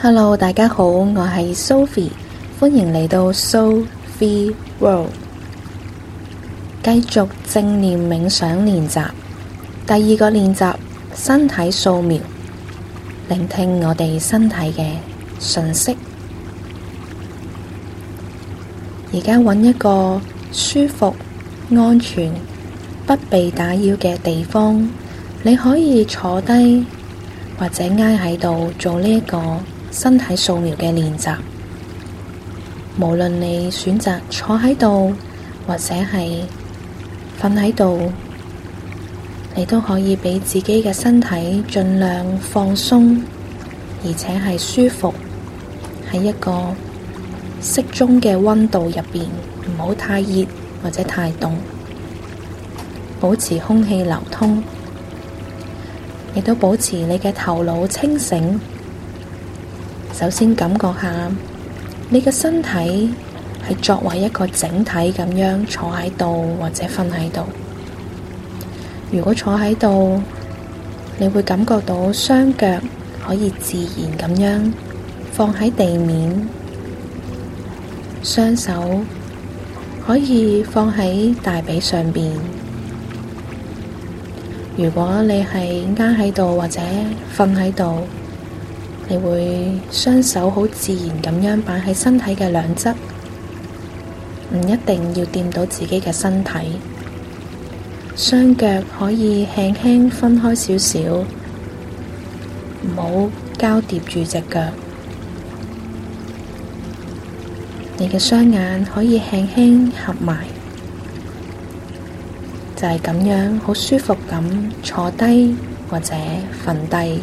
Hello，大家好，我係 Sophie，歡迎嚟到 Sophie World，繼續正念冥想練習。第二個練習身體掃瞄，聆聽我哋身體嘅訊息。而家搵一個舒服、安全、不被打擾嘅地方，你可以坐低或者挨喺度做呢一個。身體掃描嘅練習，無論你選擇坐喺度或者係瞓喺度，你都可以畀自己嘅身體盡量放鬆，而且係舒服，喺一個適中嘅温度入邊，唔好太熱或者太凍，保持空氣流通，亦都保持你嘅頭腦清醒。首先，感覺下你嘅身體係作為一個整體咁樣坐喺度或者瞓喺度。如果坐喺度，你會感覺到雙腳可以自然咁樣放喺地面，雙手可以放喺大髀上邊。如果你係挨喺度或者瞓喺度，你會雙手好自然咁樣擺喺身體嘅兩側，唔一定要掂到自己嘅身體。雙腳可以輕輕分開少少，唔好交疊住隻腳。你嘅雙眼可以輕輕合埋，就係咁樣，好舒服咁坐低或者瞓低。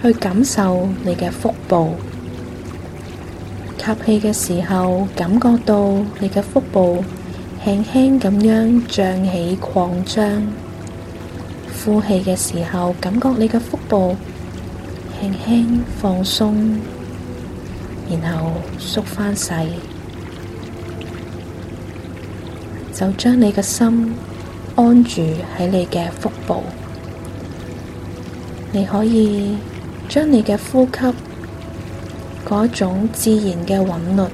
去感受你嘅腹部，吸氣嘅時候，感覺到你嘅腹部輕輕咁樣脹起擴張；呼氣嘅時候，感覺你嘅腹部輕輕放鬆，然後縮返細，就將你嘅心安住喺你嘅腹部，你可以。將你嘅呼吸嗰種自然嘅韻律，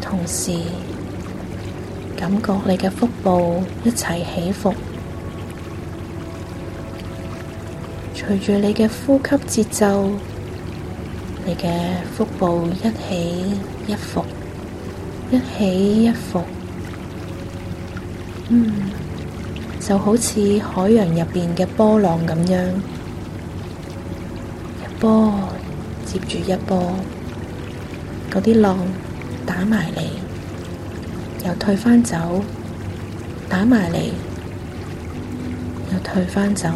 同時感覺你嘅腹部一齊起，起伏，隨住你嘅呼吸節奏，你嘅腹部一起，起一伏，一起一伏，嗯，就好似海洋入邊嘅波浪咁樣。波接住一波，嗰啲浪打埋嚟，又退翻走，打埋嚟，又退翻走。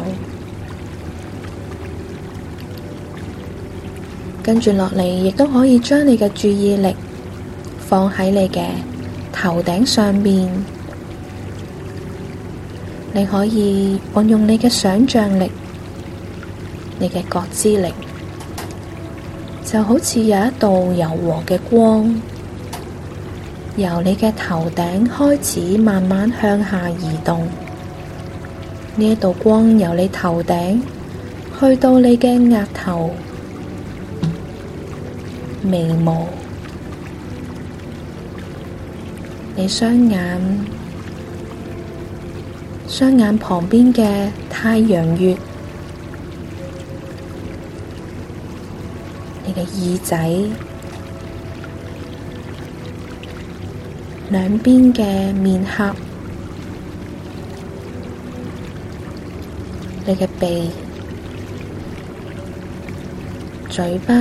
跟住落嚟，亦都可以將你嘅注意力放喺你嘅頭頂上面，你可以運用你嘅想象力，你嘅覺知力。就好似有一道柔和嘅光，由你嘅頭頂開始，慢慢向下移動。呢一道光由你頭頂去到你嘅額頭、眉毛、你雙眼、雙眼旁邊嘅太陽穴。你嘅耳仔兩邊嘅面頰，你嘅鼻、嘴巴、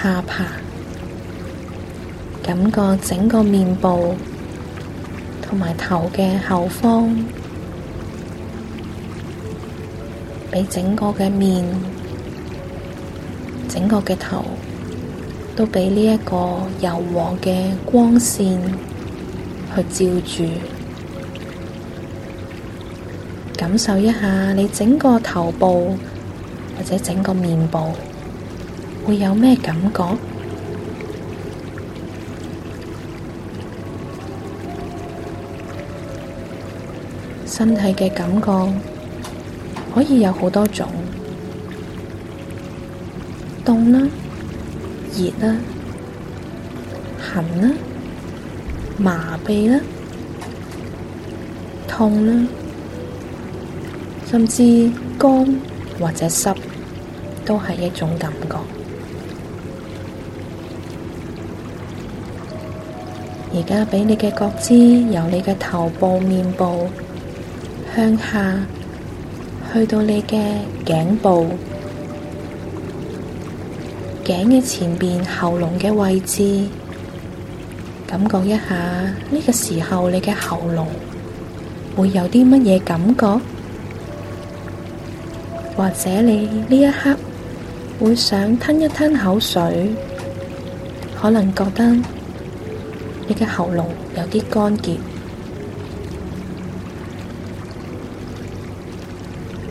下巴、感覺整個面部同埋頭嘅後方，俾整個嘅面。整個嘅頭都畀呢一個柔和嘅光線去照住，感受一下你整個頭部或者整個面部會有咩感覺？身體嘅感覺可以有好多種。凍啦、熱啦、痕啦、麻痹啦、痛啦，甚至乾或者濕，都係一種感覺。而家俾你嘅覺知，由你嘅頭部、面部向下去到你嘅頸部。頸嘅前邊，喉嚨嘅位置，感覺一下呢、呢個時候你嘅喉嚨會有啲乜嘢感覺？或者你呢一刻會想吞一吞口水？可能覺得你嘅喉嚨有啲乾澀，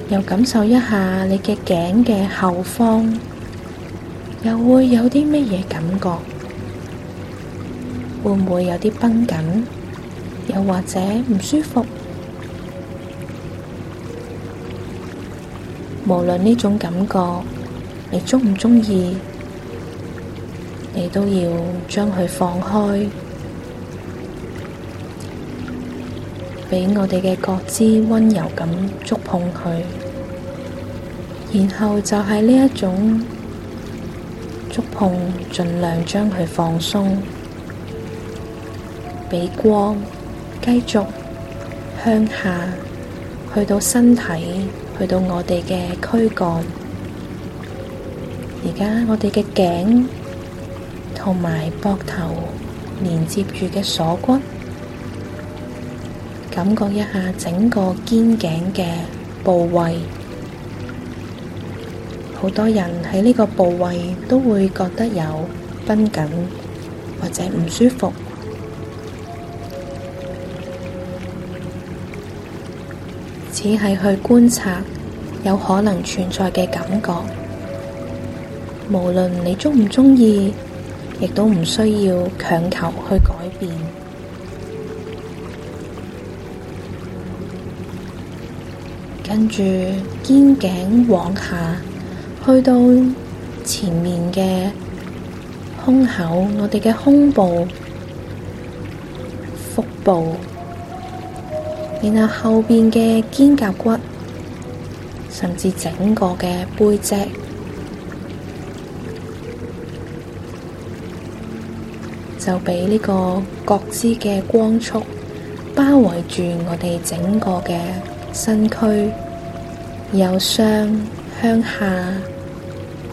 又感受一下你嘅頸嘅後方。又會有啲咩嘢感覺？會唔會有啲繃緊？又或者唔舒服？無論呢種感覺，你中唔中意？你都要將佢放開，畀我哋嘅覺知温柔咁觸碰佢，然後就係呢一種。觸碰，盡量將佢放鬆，俾光繼續向下，去到身體，去到我哋嘅軀幹。而家我哋嘅頸同埋膊頭連接住嘅鎖骨，感覺一下整個肩頸嘅部位。好多人喺呢個部位都會覺得有繃緊或者唔舒服。只係去觀察有可能存在嘅感覺。無論你鍾唔鍾意，亦都唔需要強求去改變。跟住肩頸往下。去到前面嘅胸口，我哋嘅胸部、腹部，然後後面嘅肩胛骨，甚至整個嘅背脊，就俾呢個各支嘅光束包圍住我哋整個嘅身軀，由上向下。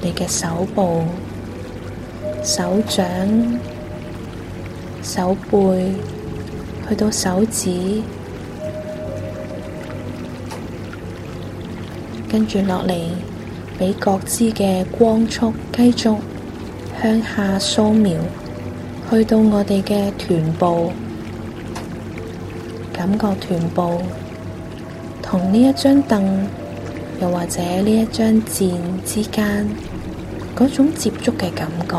我哋嘅手部、手掌、手背，去到手指，跟住落嚟，畀覺知嘅光束繼續向下掃描，去到我哋嘅臀部，感覺臀部同呢一張凳，又或者呢一張氈之間嗰種接觸嘅感覺，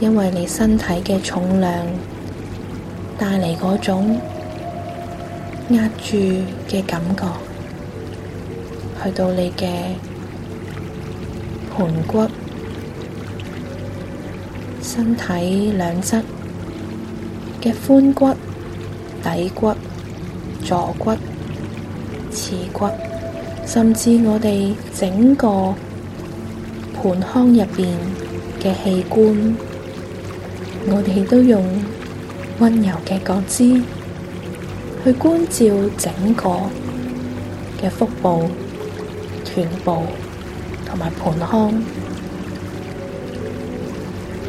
因為你身體嘅重量帶嚟嗰種壓住嘅感覺，去到你嘅盆骨、身體兩側嘅髖骨、底骨、坐骨。骨，甚至我哋整個盆腔入邊嘅器官，我哋都用温柔嘅覺知去觀照整個嘅腹部、臀部同埋盆腔。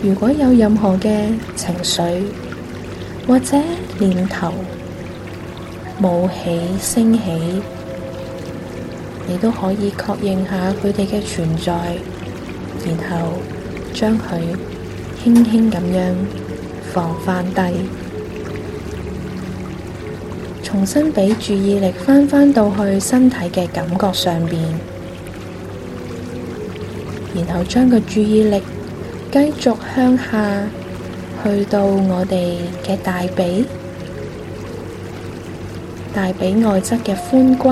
如果有任何嘅情緒或者念頭冒起升起，你都可以確認下佢哋嘅存在，然後將佢輕輕咁樣放翻低，重新畀注意力翻返到去身體嘅感覺上邊，然後將個注意力繼續向下，去到我哋嘅大髀、大髀外側嘅髖骨。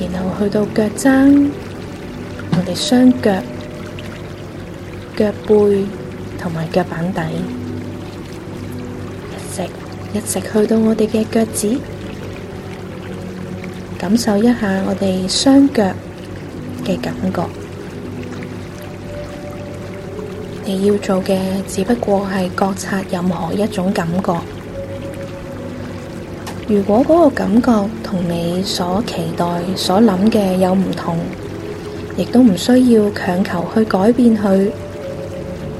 然後去到腳踭，我哋雙腳、腳背同埋腳板底，一直一直去到我哋嘅腳趾，感受一下我哋雙腳嘅感覺。你要做嘅只不過係覺察任何一種感覺。如果嗰個感覺同你所期待、所諗嘅有唔同，亦都唔需要強求去改變佢，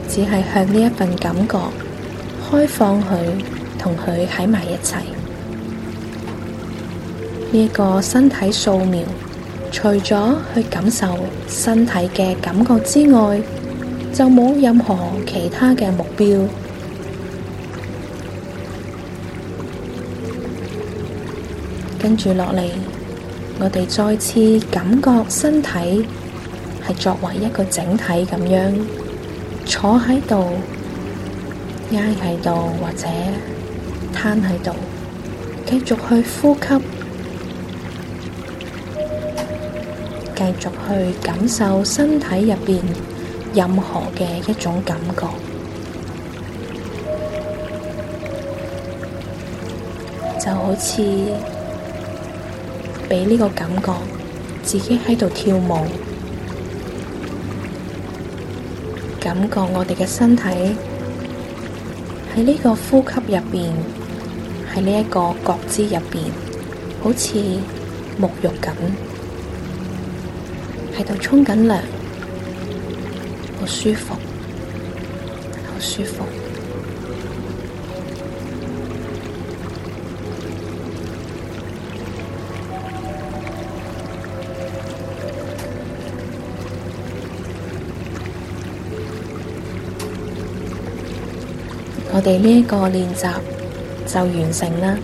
只係向呢一份感覺開放佢，同佢喺埋一齊。呢個身體掃描，除咗去感受身體嘅感覺之外，就冇任何其他嘅目標。跟住落嚟，我哋再次感覺身體係作為一個整體咁樣坐喺度、挨喺度或者攤喺度，繼續去呼吸，繼續去感受身體入邊任何嘅一種感覺，就好似。俾呢個感覺，自己喺度跳舞，感覺我哋嘅身體喺呢個呼吸入邊，喺呢一個覺知入邊，好似沐浴咁，喺度沖緊涼，好舒服，好舒服。我哋呢個練習就完成啦。